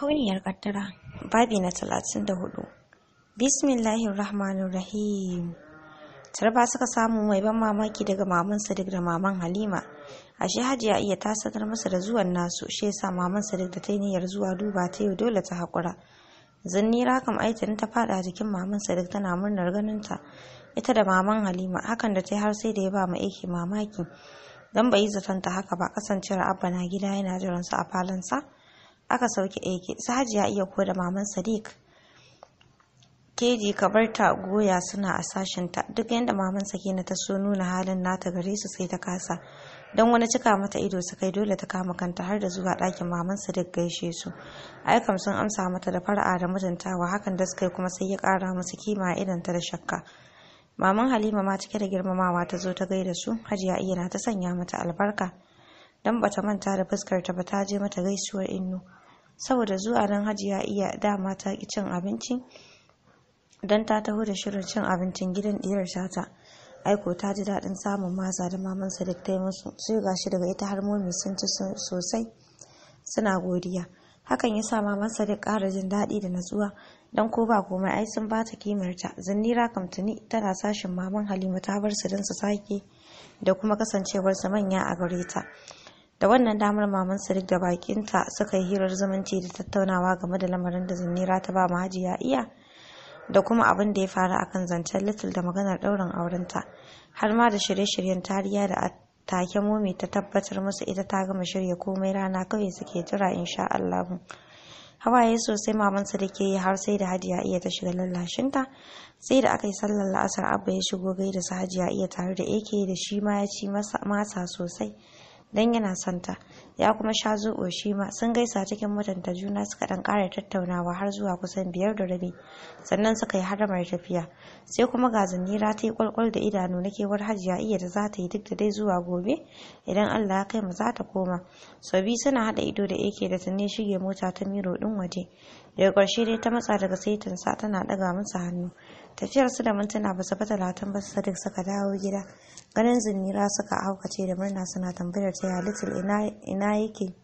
Kauniyar kaddara babi na talatin da hudu rahim. tarba suka samu mai ban mamaki daga maman sadiq da maman halima ashe hajiya iya ta sanar masa da zuwan nasu shi yasa maman sadiq da ta yi niyyar zuwa duba ta yau dole ta hakura zanni kam aitin ta fada jikin maman sadiq tana murnar ganinta ita da maman halima hakan da ta har sai da ya ba mu aiki mamaki dan bai zaton ta haka ba kasancewar abba na gida yana jiran a a falonsa aka sauke aiki, su hajiya iya ko da maman sadiq keji ka ta goya suna a sashen ta. duk yadda maman sakina ta so nuna halin nata gare su sai ta kasa don wani cika mata ido su kai dole ta kama kanta har da zuwa ɗakin maman sadiq gaishe su aikam sun amsa mata da fara'a da mutuntawa hakan da suka kuma sai ya ƙara musu kima idan ta da shakka maman halima ma cike da girmamawa ta zo ta gaida su hajiya iya na ta sanya mata albarka don bata manta da fuskar ta ba ta je mata gaisuwar innu saboda zuwa don ya iya dama ta ki cin abinci don ta taho da shirin cin abincin gidan ɗiyar shata aiko ta ji daɗin samun maza da maman sadiq ta yi musu sai shi daga ita har momi sun ci sosai suna godiya hakan ya sa maman sadiq ƙara jin daɗi da natsuwa don ko ba komai ai sun bata kimarta zinnira kamtuni tana sashin maman halima ta bar su don su sake da kuma kasancewarsa manya a gare ta da wannan damar maman sadiq da bakinta suka yi hirar zumunci da tattaunawa game da lamarin da zinnira ta ba hajiya iya da kuma abin da ya faru akan zancen little da maganar ɗaurin aurenta har ma da shirye-shiryen tariya da take momi ta tabbatar musu ita ta gama shirya komai rana kawai suke jira insha Allah hawaye sosai maman sadiq ke yi har sai da hajiya iya ta shiga lallashinta sai da aka yi sallar la'asar abba ya shigo gai da su hajiya iya tare da ake da shi ma ya ci masa sosai don yana santa ya kuma sha zobo shi ma sun gaisa cikin mutunta juna suka ɗan ƙara tattaunawa har zuwa kusan biyar da rabi sannan suka yi haramar tafiya sai kuma ga zanira ta yi kwalkwal da idanu na kewar hajiya iya da za ta yi duk da dai zuwa gobe idan allah ya kai mu za ta koma sau biyu suna haɗa ido da ake da tunne shige mota ta miro din waje daga ƙarshe dai ta matsa daga saitin sa tana ɗaga masa hannu tafiyar su da mintuna ba su fa talatin ba sadiq suka dawo gida ganin zinira suka aukace da murna suna tambayar ta ya little ina yake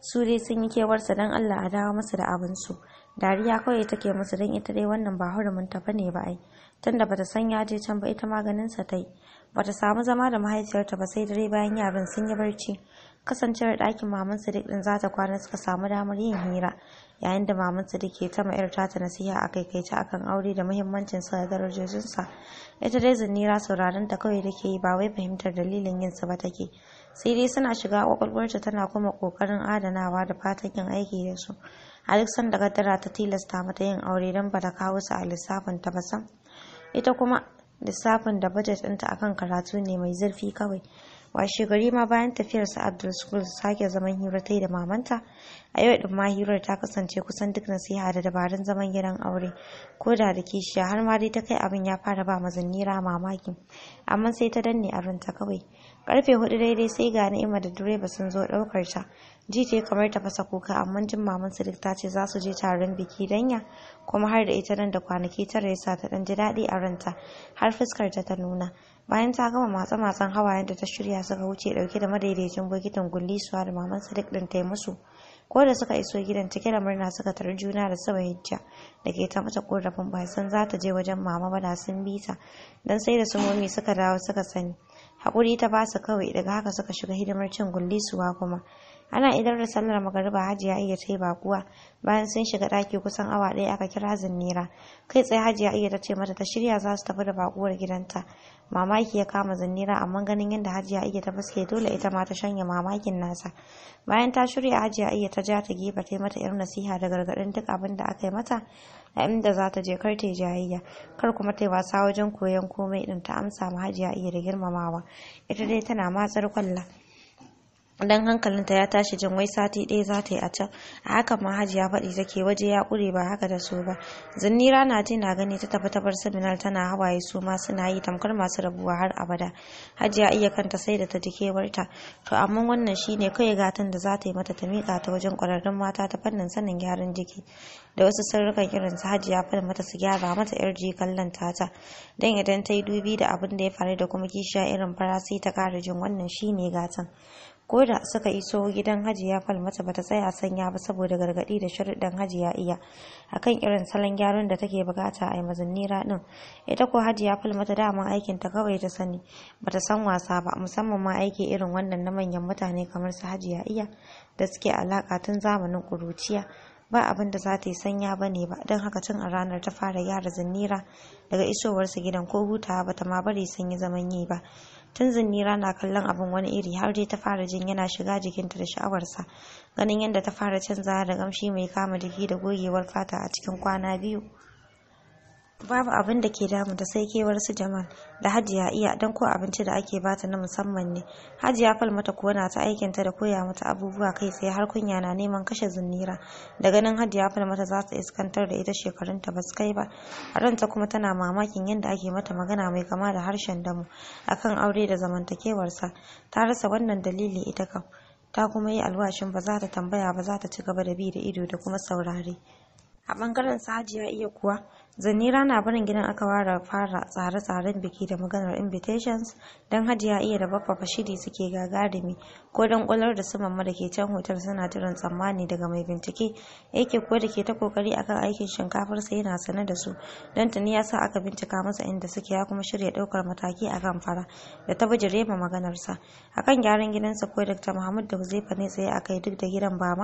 su dai sun yi kewarsa don allah a dawo masa da su dariya kawai take musu don ita dai wannan ba hurumin tafa ne ba ai tunda bata san ya je can ba ita maganinsa ta yi bata samu zama da mahaifiyarta ba sai dare bayan yaran sun yi barci kasancewar ɗakin maman sadiq din zata kwana suka samu damar yin hira yayin da mamansa da ke ta ma'ir tata nasiha a kaikaice akan aure da muhimmancin sa da darajojinsa ita dai zinnira sauraron ta kawai take yi ba wai fahimtar dalilin yin sa ba take sai dai suna shiga kwakwalwarta tana kuma kokarin adanawa da fatan yin aiki da su a duk sanda ta tilasta mata yin aure don ba ta kawo su a lissafin ta ba sam ita kuma lissafin da budget ɗinta akan karatu ne mai zurfi kawai washe gari ma bayan tafiyarsa abdul school sake zaman hira ta yi da mamanta a yau din ma hirar ta kasance kusan duk nasiha da dabarun zaman gidan aure ko da da kishiya har ma dai ta kai abin ya fara ba mazannira mamaki amma sai ta danne abin ta kawai karfe hudu daidai sai ga na'ima da direba sun zo daukar ta ji ta kamar ta fasa kuka amma jin maman duk ta ce za su je taron biki danya kuma har da ita nan da kwanaki tara ya sa ta dan ji daɗi a ranta har fuskar ta ta nuna bayan ta gama matsa matsan hawayen da ta shirya suka wuce dauke da madaidaicin bokitin gullisuwa da maman sadiq din ta yi musu ko da suka iso gidan cike da murna suka tarar juna da saba hijja da ke ta mata korafin ba san za ta je wajen mama ba da sun bi dan sai da su momi suka dawo suka sani hakuri ta ba su kawai daga haka suka shiga hidimar cin gullisuwa kuma ana idar da sallar magariba hajiya iya ta yi bakuwa bayan sun shiga ɗaki kusan awa ɗaya aka kira zinnira kai tsaye hajiya iya ta ce mata ta shirya za su tafi da bakuwar gidanta mamaki ya kama zinnira amma ganin yadda hajiya iya ta fuske dole ita ma ta shanya mamakin nasa bayan ta shirya hajiya iya ta ja ta gefe ta mata irin nasiha da gargaɗin duk abin da aka yi mata a inda za ta je kar ta yi jayayya kar kuma ta yi wasa wajen koyon komai ɗin ta amsa ma hajiya iya da girmamawa ita dai tana matsar kwalla dan hankalinta ya tashi jin wai sati ɗaya za ta yi a can a haka ma hajiya faɗi take waje ya ƙure ba haka da su ba zinnira na ji na gani ta tafi tabar seminal tana hawaye su ma suna yi tamkar masu rabuwa har abada hajiya iya kanta sai da ta ji kewarta to amma wannan shine kai gatan da za ta yi mata ta miƙa ta wajen ƙwararrun mata ta fannin sanin gyaran jiki da wasu sirrukan irin su hajiya faɗi mata su gyara mata yar kallon tata dan idan ta yi dubi da abin da ya faru da kuma kishiya irin farasi ta ƙara jin wannan shine gatan ko da suka iso gidan hajiya falmata bata tsaya sanya ba saboda gargadi da sharuɗan hajiya iya akan irin salon gyaran da take bukata a mazinnira din ita ko hajiya falmata daman aikin ta kawai ta sani bata san wasa ba musamman ma aiki irin wannan na manyan mutane kamar su hajiya iya da suke alaka tun zamanin kuruciya ba abin da za ta yi sanya ba ne ba don haka tun a ranar ta fara yara zinnira daga isowarsa gidan ko hutawa bata ma bari sun yi zaman yi ba tun zinnira na kallon abin wani iri har dai ta fara jin yana shiga jikinta da sha'awarsa ganin yadda ta fara canzawa da gamshi mai kama jiki da gogewar fata a cikin kwana biyu babu abin da ke damunta sai kewar su jamal da hajiya iya don ko abinci da ake bata na musamman ne hajiya falmata kuwa na ta aikinta da koya mata abubuwa kai sai har kunya na neman kashe zunnira da ganin hajiya falmata za ta iskantar da ita shekarunta ba su kai ba a ranta kuma tana mamakin yadda ake mata magana mai kama da harshen damu akan aure da zamantakewarsa ta rasa wannan dalili ita kam ta kuma yi alwashin ba za ta tambaya ba za ta ci gaba da bi da ido da kuma saurare a bangaren ya iya kuwa zanira na barin gidan aka ware fara tsare-tsaren biki da maganar invitations don hajiya iya da baffa shiri suke gagarumi ko don kwalar da su mamma da ke can hotel suna jiran tsammani daga mai bincike yake kuwa da ke ta kokari akan aikin shinkafar sai yana sane da su don tuni ya sa aka bincika masa inda suke ya kuma shirya daukar mataki akan fara da ta bijire ma maganarsa akan gyaran gidansa ko dr muhammad da huzaifa ne tsaye kai duk da gidan ba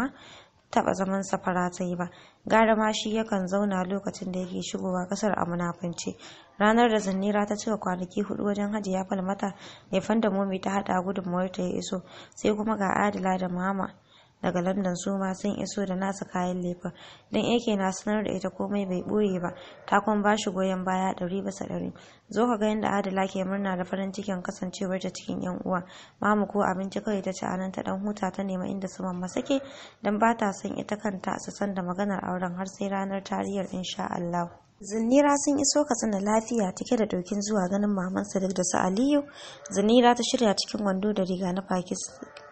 taɓa zaman safara ta yi ba gara ma shi yakan zauna lokacin da yake shigowa kasar a munafunci ranar da zannira ta cika kwanaki hudu wajen hajiya falmata da fanda momi ta hada gudunmawar ta ya iso sai kuma ga adila da mama daga london su ma sun iso da nasa kayan lefen don ak na sanar da ita komai bai boye ba ta kuma ba shi goyon baya ɗari basa ɗari zo ka ga yadda adala ke murna da farin cikin kasancewar ta cikin yan uwa mamu ko abinci kawai ta ci anan ta dan huta ta nema inda su mamma sake don ba ta son ita kanta su san da maganar auren har sai ranar tariyar insha Allah. Zinira sun iso Katsina lafiya take da dokin zuwa ganin maman Sadiq da su Aliyu. Zinira ta shirya cikin wando da riga na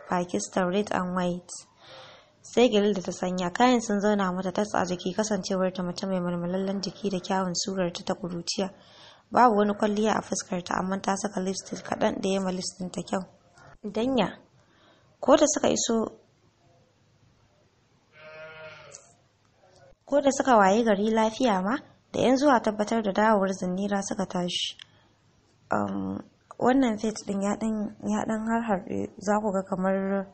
Pakistan Red and White. sai gilil da ta sanya kayan sun zauna mata tas a jiki kasancewar ta mace mai mulmulallen jiki da kyawun surar ta kuruciya babu wani kwalliya a fuskarta amma ta saka lipstick kaɗan da ya ma lipstick ta kyau danya ko da suka iso ko da suka waye gari lafiya ma da yan zuwa tabbatar da dawowar zinira suka tashi um, wannan fit din ya dan har har za ku ga kamar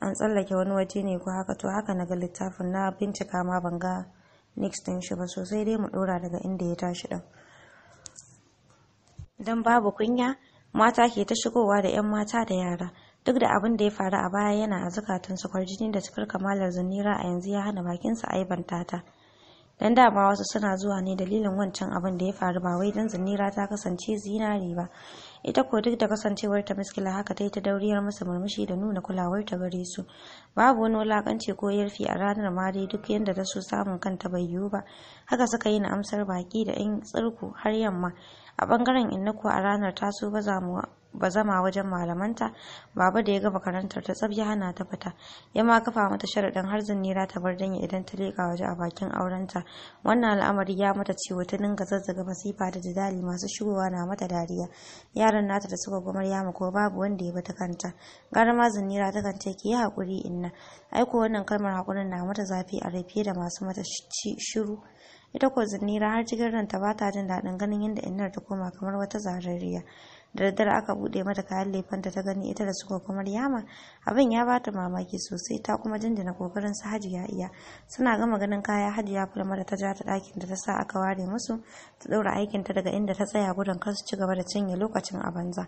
an tsallake wani waje ne ko haka to haka na ga littafin na bincika ma ban ga next din shi ba sosai dai mu dora daga inda ya tashi din dan babu kunya mata ke ta shigowa da yan mata da yara duk da abin da ya faru a baya yana a zukatun su kwarjini da cikar kamalar zunira a yanzu ya hana bakin sa aibanta ta dan dama wasu suna zuwa ne dalilin wancan abin da ya faru ba wai dan zunira ta kasance zinari ba ita ko duk da kasancewar ta miskila haka ta yi ta dauriyar masa murmushi da nuna kulawar ta gare su babu wani wulakanci ko yarfi a ranar ma dai duk yadda ta so samun kanta bai yiwu ba haka suka yi na amsar baki da yan tsirku har yamma a bangaren inna ko a ranar taso ba za mu Ba zama wajen malamanta baba da ya ga makarantar ta tsabya hana ta fita ya ma kafa mata sharaɗin har nira ta bar danya idan ta leƙa waje a bakin aurenta wannan al'amari ya mata ciwo ta dinga zazzaga masifa da jidali masu shigowa na mata dariya yaran nata da suka gwamar ya ko babu wanda ya bata kanta gara ma zinnira ta kan ki yi haƙuri inna aiko wannan kalmar haƙurin na mata zafi a fiye da masu mata shiru ita ko zinnira har cikin ranta ba ta jin daɗin ganin yadda innar ta koma kamar wata zarariya da daddare aka bude mata kayan lefanta ta gani ita da suka kuma yama abin ya bata mamaki sosai ta kuma jinjina kokarin su hajiya iya suna gama ganin kaya hajiya fulmar ta ja ta ɗakin da ta sa aka ware musu ta ɗaura aikinta daga inda ta tsaya gudun kar su ci gaba da cinye lokacin a banza.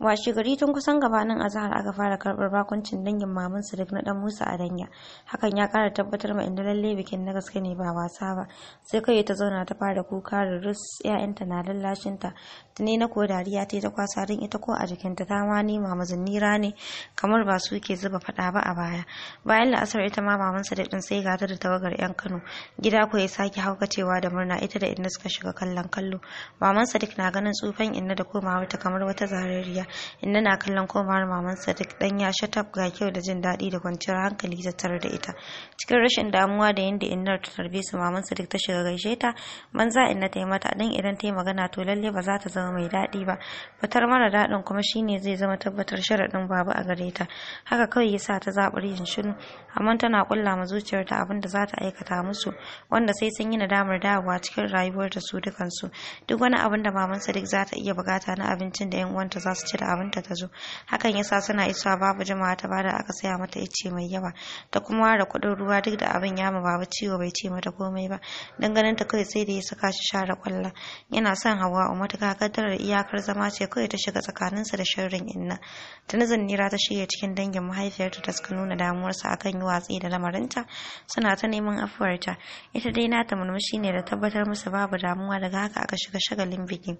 washe gari tun kusan gabanin azahar aka fara karbar bakuncin dangin maman Sadiq na dan Musa a danya hakan ya kara tabbatar ma inda lalle bikin na gaske ne ba wasa ba sai kai ta zauna ta fara kuka da rus ƴaƴanta na lallashin ta tuni na ko dariya ta ta kwasa don ita ko a jikinta ta ma ni mama Zinnira ne kamar ba su ke zuba fada ba a baya bayan la'asar ita ma maman Sadiq din sai gata da tawagar 'yan Kano gida ko ya sake haukacewa da murna ita da inda suka shiga kallon kallo maman Sadiq na ganin tsufan inna da komawar ta kamar wata zarariya inna na kallon komawar maman sadiq dan ya shatab ga kyau da jin daɗi da kwanciyar hankali ta tare da ita cikin rashin damuwa da yadda innar ta tarbe su maman sadiq ta shiga gaishe ta banza inna ta yi mata dan idan ta yi magana to lalle ba za ta zama mai daɗi ba fitar mara daɗin kuma shine zai zama tabbatar sharaɗin babu a gare ta haka kawai yasa ta zaɓar yin shiru amma tana kulla ma zuciyarta abin da za ta aikata musu wanda sai sun yi nadamar dawowa cikin rayuwar da su dukansu duk wani abin da mamansa sadiq za ta iya bukata na abincin da yan uwanta za su ci ɗauke da abinta ta zo hakan yasa suna isa babu jama'a ta bada aka saya mata ice mai yawa ta kuma ware kudin ruwa duk da abin ya ma baba ciwo bai ce mata komai ba dan ganin ta kawai sai da ya saka shi share kwalla yana son hawa umma ta kakadar iyakar zama ce kawai ta shiga tsakaninsa da shirin inna tuni zannira ta shirya cikin dangin mahaifiyarta ta suka nuna damuwarsa akan yi watsi da lamarinta suna ta neman afuwarta ita dai nata murmushi ne da tabbatar musu babu damuwa daga haka aka shiga shagalin biki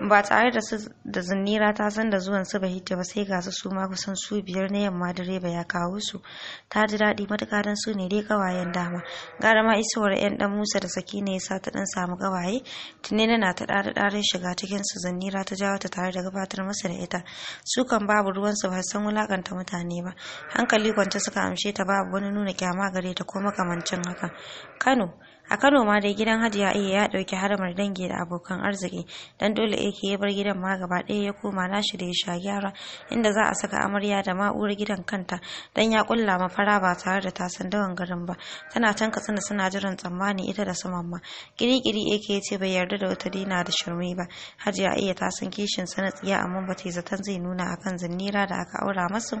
ba tare da da ta san da zuwan su hita ba sai ga su su ma kusan su biyar na yamma direba ya kawo su ta ji daɗi matuƙa don su ne dai kawayen dama gara ma isowar yan dan musa da Saki ya sa ta dan samu kawaye tuni na ta ɗare ɗaren shiga cikin su zinnira ta jawo ta tare da gabatar masa da ita su kan babu ruwan su ba san wulaƙanta mutane ba hankali kwance suka amshe ta babu wani nuna kyama gare ta ko makamancin haka kano a kano ma dai gidan hajiya iya ya ɗauki haramar dangi da abokan arziki dan dole yake ya bar gidan ma gaba ɗaya ya koma nashi da ya sha gyara inda za a saka amarya da ma'uwar gidan kanta dan ya kulla ma fara ba tare da ta san dawan garin ba tana can katsina suna jiran tsammani ita da su mamma kirikiri yake ce bai yarda da wata dina da shirme ba hajiya iya ta san kishin sana tsiya amma ba ta zaton zai nuna akan zinnira da aka aura masu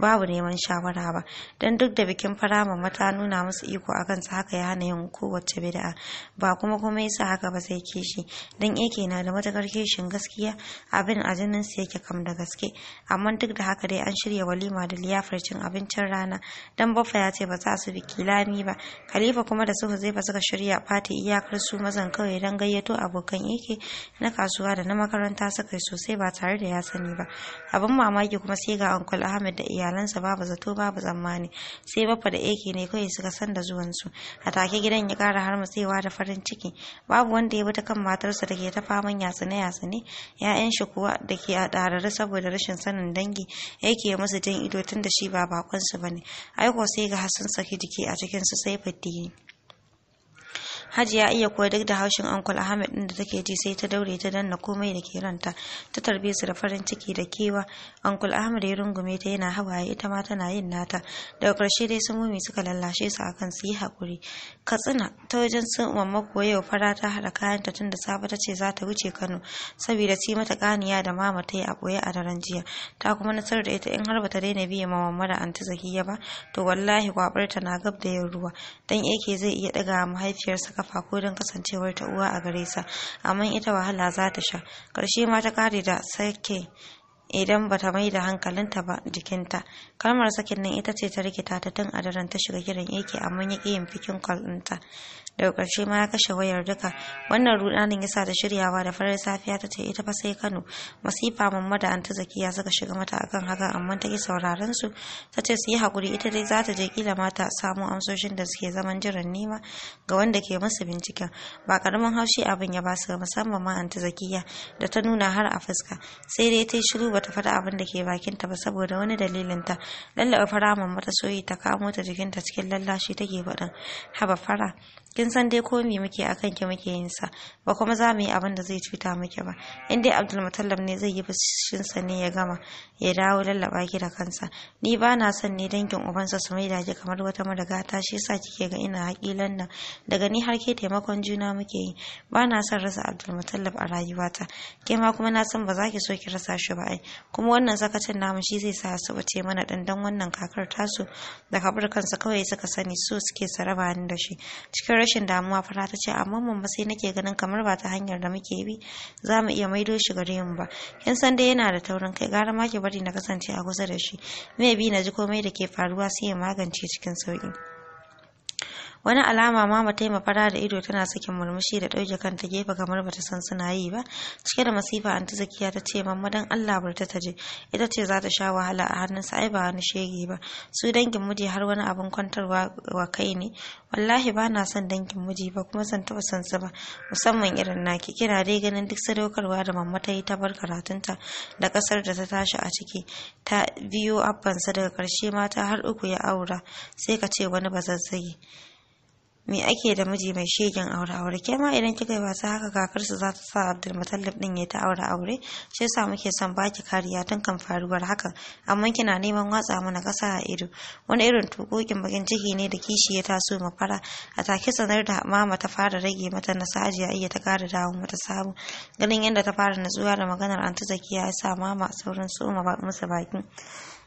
babu neman shawara ba dan duk da bikin fara mamma ta nuna musu iko akan su haka ya hana yin kowace kowace bid'a ba kuma kuma yasa haka ba sai kishi dan yake na da matakar kishin gaskiya abin a jinin sa yake kam da gaske amma duk da haka dai an shirya walima da liyafar cin abincin rana dan baffa ya ce ba za su biki lami ba khalifa kuma da su ba suka shirya fati iyakar su mazan kawai dan gayyato abokan yake na kasuwa da na makaranta suka yi sosai ba tare da ya sani ba abin mamaki kuma sai ga uncle ahmed da iyalansa babu zato babu tsammani sai baffa da yake ne kawai suka san da zuwansu a take gidan ya kara ƙara harmutsewa da farin ciki babu wanda ya bi ta kan matarsa da ke ta faman yatsune yatsune ya'yan shi kuwa da ke a ɗararru saboda rashin sanin dangi yake musu jan ido tun da shi ba bakonsu ba ne aiko sai ga sun saki jiki a cikin su sai fiddi ya iya koyar duk da haushin Uncle Ahmed din da take ji sai ta daure ta danna komai da ke ranta. Ta tarbe su da farin ciki da kewa. Uncle Ahmed ya rungume ta yana hawaye ita ma tana yin nata. Daga ƙarshe dai sun mumi suka lallashe su akan su yi hakuri. Katsina ta wajen sun mamma kuwa yau fara ta haɗa kayanta tun da safe ta ce za ta wuce Kano saboda ci mata ƙaniya da mama ta yi a ɓoye a daren jiya. Ta kuma nasar da ita in har ba ta daina biye ma mamma da anti Zakiya ba to wallahi kwabar ta na gab da yin ruwa. Dan yake zai iya ɗaga mahaifiyarsa kafa ko don kasancewar ta uwa a gare sa amma ita wahala za ta sha karshe ma ta kare da sake idan bata mai da hankalinta ba jikinta kalmar sakin nan ita ce ta rikita ta tun a daren ta shiga gidan yake amma ya ƙi yin fikin kwalinta daga ƙarshe ma ya kashe wayar duka wannan rudanin sa da shiryawa da farar safiya ta ce ita fa sai kano masifa mamma da anta zakiya suka shiga mata akan haka amma ta ki sauraron su ta ce su yi hakuri ita dai za ta je kila mata samu amsoshin da suke zaman jiran nema ga wanda ke musu binciken ba karamin haushi abin ya basu musamman ma anta zakiya da ta nuna har a fuska sai dai ta yi shiru bata faɗa abin da ke bakin ta ba saboda wani dalilin ta lallaba fara mamma ta soyi ta kamo ta jikinta cikin lallashi take faɗin haba fara kin san dai ko me muke akan ki muke yin sa ba kuma za mu yi abin da zai cuta miki ba in dai abdulmutallab ne zai yi sa ne ya gama ya dawo lallaba ki da kansa ni ba na son ne dangin ubansa su maida ki kamar wata ta shi yasa kike ga ina hakilan nan daga ni har ke taimakon juna muke yi ba na son rasa abdulmutallab a rayuwata ke ma kuma na san ba za ki so ki rasa shi ba ai kuma wannan sakacin namu shi zai sa su bace mana dandan wannan kakar tasu da kabar kansa kawai suka sani su suke saraba ni da shi cikin rashin rashin damuwa fara ta ce amma mun sai nake ganin kamar ba ta hanyar da muke bi za mu iya maido shi gare mu ba kin san dai yana da taurin kai gara ma ki bari na kasance a kusa da shi me bi na ji komai da ke faruwa sai ya magance cikin sauki wani alama ma ta yi mafara da ido tana sakin murmushi da ɗauke kanta gefe kamar bata san suna yi ba cike da masifa anti zakiya ta ce mamma dan Allah bar ta taje ita ce za ta sha wahala a hannun sa ai ba wani shege ba su dangin muji har wani abin kwantarwa wa kai ne wallahi ba na son dangin miji ba kuma san taɓa san ba musamman irin naki kina dai ganin duk sadaukarwa da mamma ta yi ta bar karatunta da kasar da ta tashi a ciki ta biyo abbansa daga karshe mata har uku ya aura sai ka ce wani bazazzagi me ake da miji mai shegen aure aure ke ma idan kika yi wasa haka kakar su za ta sa abdulmutallab din ya ta aure aure shi yasa muke son baki kariya tun kan faruwar hakan amma kina neman watsa mana kasa a ido wani irin tukokin bakin ciki ne da kishi ya taso ma fara a take sanar da mama ta fara rage mata nasaji a iya ta kara dawo mata sabo ganin yadda ta fara natsuwa da maganar anti zakiya ya sa mama saurin soma musu bakin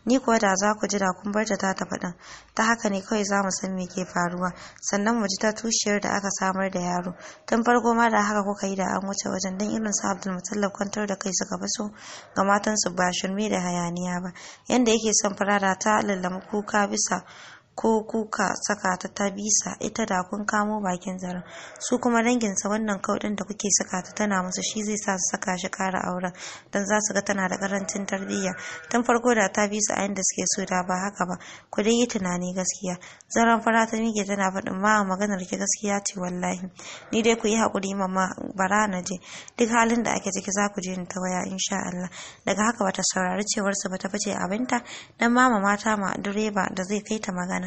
ni kuwa da za ku ji da kun bar ta ta faɗin ta haka ne kawai za mu san me ke faruwa sannan mu ji ta tushiyar da aka samar da yaro tun farko ma da haka kuka yi da an wuce wajen dan irin su abdul mutallab kwantar da kai suka fi so ga matan su ba shirme da hayaniya ba yanda yake son farara ta lallama kuka bisa ko kuka saka ta ta bisa ita da kun kamo bakin zaren su kuma danginsa wannan kauɗin da kuke saka ta tana musu shi zai sa su saka shi kara auren don za su ga tana da karancin tarbiyya tun farko da ta bisa a inda suke so da ba haka ba ku dai yi tunani gaskiya zaren fara ta mike tana faɗin ma maganar ki gaskiya ce wallahi ni dai ku yi haƙuri ma bara na je duk halin da ake ciki za ku je ni ta waya insha Allah daga haka bata saurari cewarsa ba ta fice abinta dan mama mata ma direba da zai kai ta magana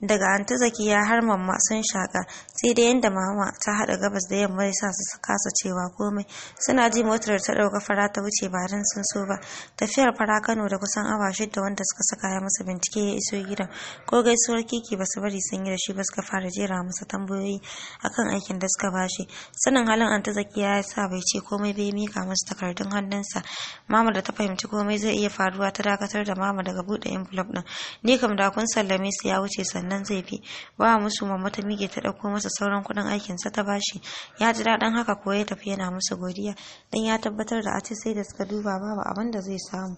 daga anti zakiya har mamma sun shaka sai dai yanda mama ta hada gabas da yamma ya sa su kasa cewa komai suna ji motar ta dauka fara ta wuce ba ran sun so ba tafiyar fara Kano da kusan awa shida wanda suka saka ya masa bincike ya iso gida ko gaisuwar kiki ba su bari sun yi da shi ba suka fara jera masa tambayoyi akan aikin da suka bashi sanin halin anti zakiya ya sa bai ce komai bai mika masa takardun hannunsa mama da ta fahimci komai zai iya faruwa ta dakatar da mama daga bude envelope din ni kam da kun sallame su ya wuce sannan nan zai fi ba musu mamma ta mike ta ɗauko masa sauran kuɗin aikinsa ta bashi ya ji daɗin haka ko ya tafi yana musu godiya dan ya tabbatar da ati sai da suka duba babu abin da zai samu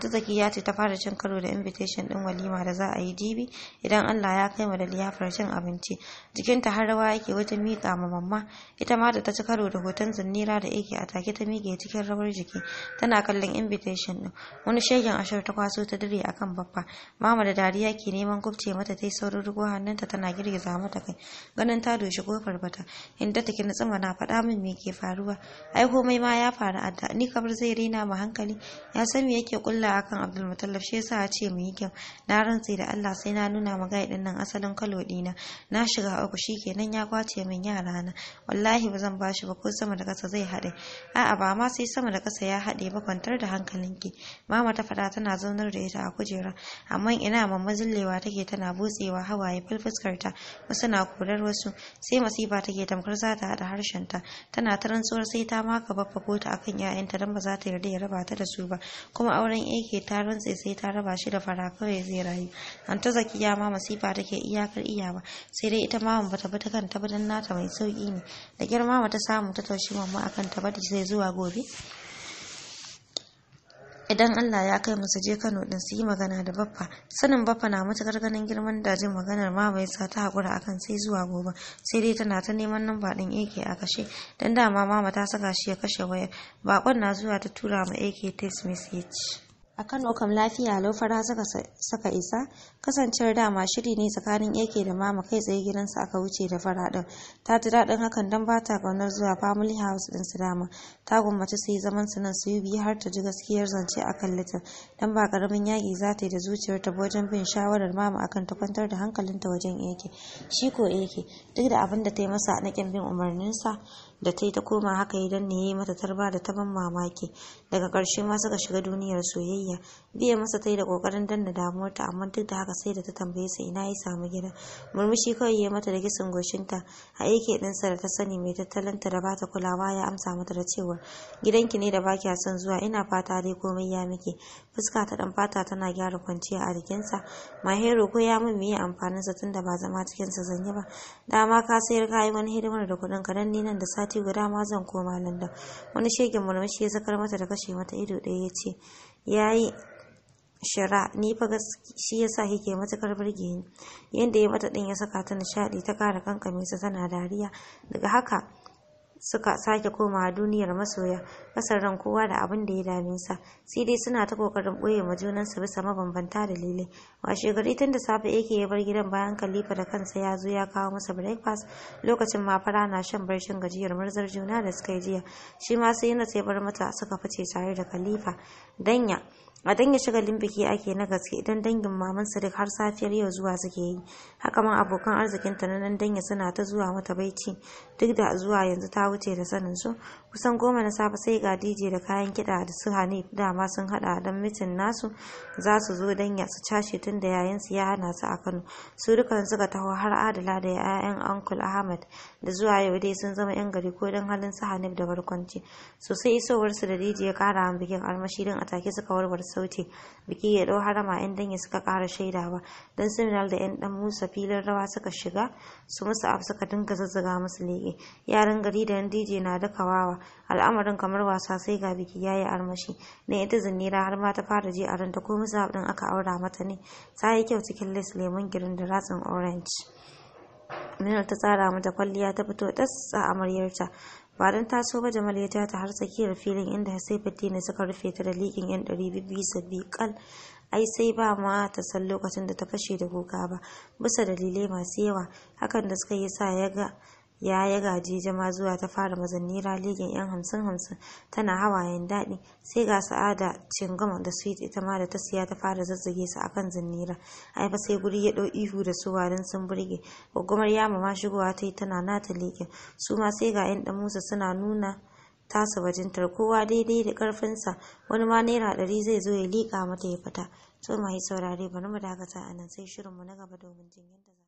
zaki ya ce ta fara cin karo da invitation ɗin walima da za a yi jibi idan Allah ya kai mu da liyafar cin abinci jikinta har rawa yake wata miƙa ma mamma ita ma da ta ci karo da hoton zinnira da yake a take ta miƙe cikin rawar jiki tana kallon invitation ɗin wani shegen ashar ta kwaso ta dire akan baffa mama da dariya ke neman kubce mata ta yi rurrugo hannunta tana girgiza mata kai ganin ta doshi kofar bata inda take na tsima na faɗa min me ke faruwa ai komai ma ya faru adda ni kamar zai rena ma hankali ya san me yake kulla akan Abdul Mutallab shi yasa a ce mu yi kyau na rantse da Allah sai na nuna ma gai nan asalin kalo dina na shiga uku kenan ya kwace min yara na wallahi ba zan bashi ba ko sama da kasa zai haɗe a'a ba ma sai sama da kasa ya haɗe ba kwantar da hankalinki mama ta faɗa tana zaunar da ita a kujera amma ina mamma zillewa take tana butsewa zubowa hawaye fulfuskarta wasu na korar wasu sai masifa take tamkar za ta harshen ta tana ta rantsuwar sai ta maka baffa ko ta akan 'ya'yanta don ba za ta yarda ya raba ta da su ba kuma auren yake ta rantse sai ta raba shi da fara kawai zai rayu an ta zakiya ma masifa take iyakar iya ba sai dai ita ma bata bi ta kanta ba don nata mai sauki ne da girma ta samu ta taushi mamma akan ta ba zai zuwa gobe idan Allah ya kai musu je Kano din su yi magana da baffa sanin baffa na matukar ganin girman dajin maganar ma bai sa ta hakura akan sai zuwa gobe sai dai tana ta neman nan din AK a kashe dan dama mama ta saka shi ya kashe wayar baƙon na zuwa ta tura ma AK text message a kano kam lafiya lau fara saka isa kasancewar dama shiri ne tsakanin yake da mama kai tsaye gidansa aka wuce da fara din ta ji daɗin hakan don ba ta ƙaunar zuwa family house din su dama ta gwammaci su yi zaman su nan su yi biyu har ta ji gaskiyar zance a kan litin don ba ƙaramin yaki za ta yi da zuciyar ta wajen bin shawarar mama akan ta kwantar da hankalinta wajen yake shi ko yake duk da abin da ta yi masa na ƙin bin umarninsa da ta yi ta koma haka idan ne ya yi mata tarba da ta ban mamaki daga ƙarshe ma suka shiga duniyar soyayya biya masa ta yi da ƙoƙarin danna damuwarta amma duk da haka sai da ta tambaye sa ina ya samu gida murmushi kawai ya mata da kisan goshinta a yake ɗinsa da ta sani mai tattalanta da bata kulawa ya amsa mata da cewa gidanki ne da baki son zuwa ina fata dai komai ya miki fuska ta dan fata tana gyara kwanciya a jikinsa mahero ko ya min miye amfanin sa tunda ba zama cikin sa zanyi ba dama ka sayar kayi wani hidimar da kuɗin ka ni nan da sati guda ma zan koma London wani shegen murmushi ya zakar mata da kashe mata ido ɗaya ya ce yayi shara ni fa shi yasa yake matukar burge ni yanda ya mata din ya saka ta nishadi ta kara kankame sa tana dariya daga haka suka sake komawa duniyar masoya kasar ran kowa da abin da ya dame sa sai dai suna ta kokarin boye ma junansu bisa mabambanta dalilai washe gari tun da safe yake ya bar gidan bayan kalifa da kansa ya zo ya kawo masa breakfast lokacin ma fara na shan barshin gajiyar murzar juna da suka yi jiya shi ma sai yana sai bar mata suka fice tare da kalifa danya a danya shagalin biki ake na gaske idan dangin maman sadiq har safiyar yau zuwa suke yi haka ma abokan arzikinta na nan danya suna ta zuwa mata baici duk da zuwa yanzu ta wuce da sanin su kusan goma na safe sai ga dj da kayan kida da su hanif dama sun hada don mitin nasu za su zo don ya su cashe tun da yayansu ya hana su a kano su dukan suka taho har adala da 'ya'yan uncle ahmad da zuwa yau dai sun zama 'yan gari ko dan halin su hanif da barkwanci sosai isowarsu da dj ya kara wa bikin armashi don atake suka warware sauti biki ya dau harama 'yan danya suka kara shaidawa don sininal da 'yan dan musa filin rawa suka shiga su musa suka dinga zazzaga musu leƙe yaran gari da 'yan dj na dakawawa al'amarin kamar wasa sai ga biki yayi armashi ne ita zinnira har ma ta fara ji a ranta ko musa abin aka aura mata ne ta yi kyau cikin les lemon girin da ratsin orange Minal ta tsara mata kwalliya ta fito tas a amaryarta ba don ta so ba jamal ya ta har tsakiyar filin inda sai fatina suka rufe ta da likin yan ɗari biyu biyu kal ai sai ba ma ta san lokacin da ta fashe da kuka ba bisa dalilai masu yawa hakan da suka yi sa ya ga ya ya gaji jama zuwa ta fara mazannira ligin yan hamsin hamsin tana hawayen daɗi sai ga sa'ada cingama da sweet ita ma da ta siya ta fara zazzage su akan zinnira ai fa sai guri ya ɗau ihu da su warin sun burge gwaggwamar yamma ma shigowa ta yi tana nata ligin su ma sai ga yan ɗan musa suna nuna tasa bajintar kowa daidai da karfinsa wani ma naira ɗari zai zo ya liƙa mata ya fita to mai saurare bari mu dakata a nan sai shirinmu na gaba domin jin yadda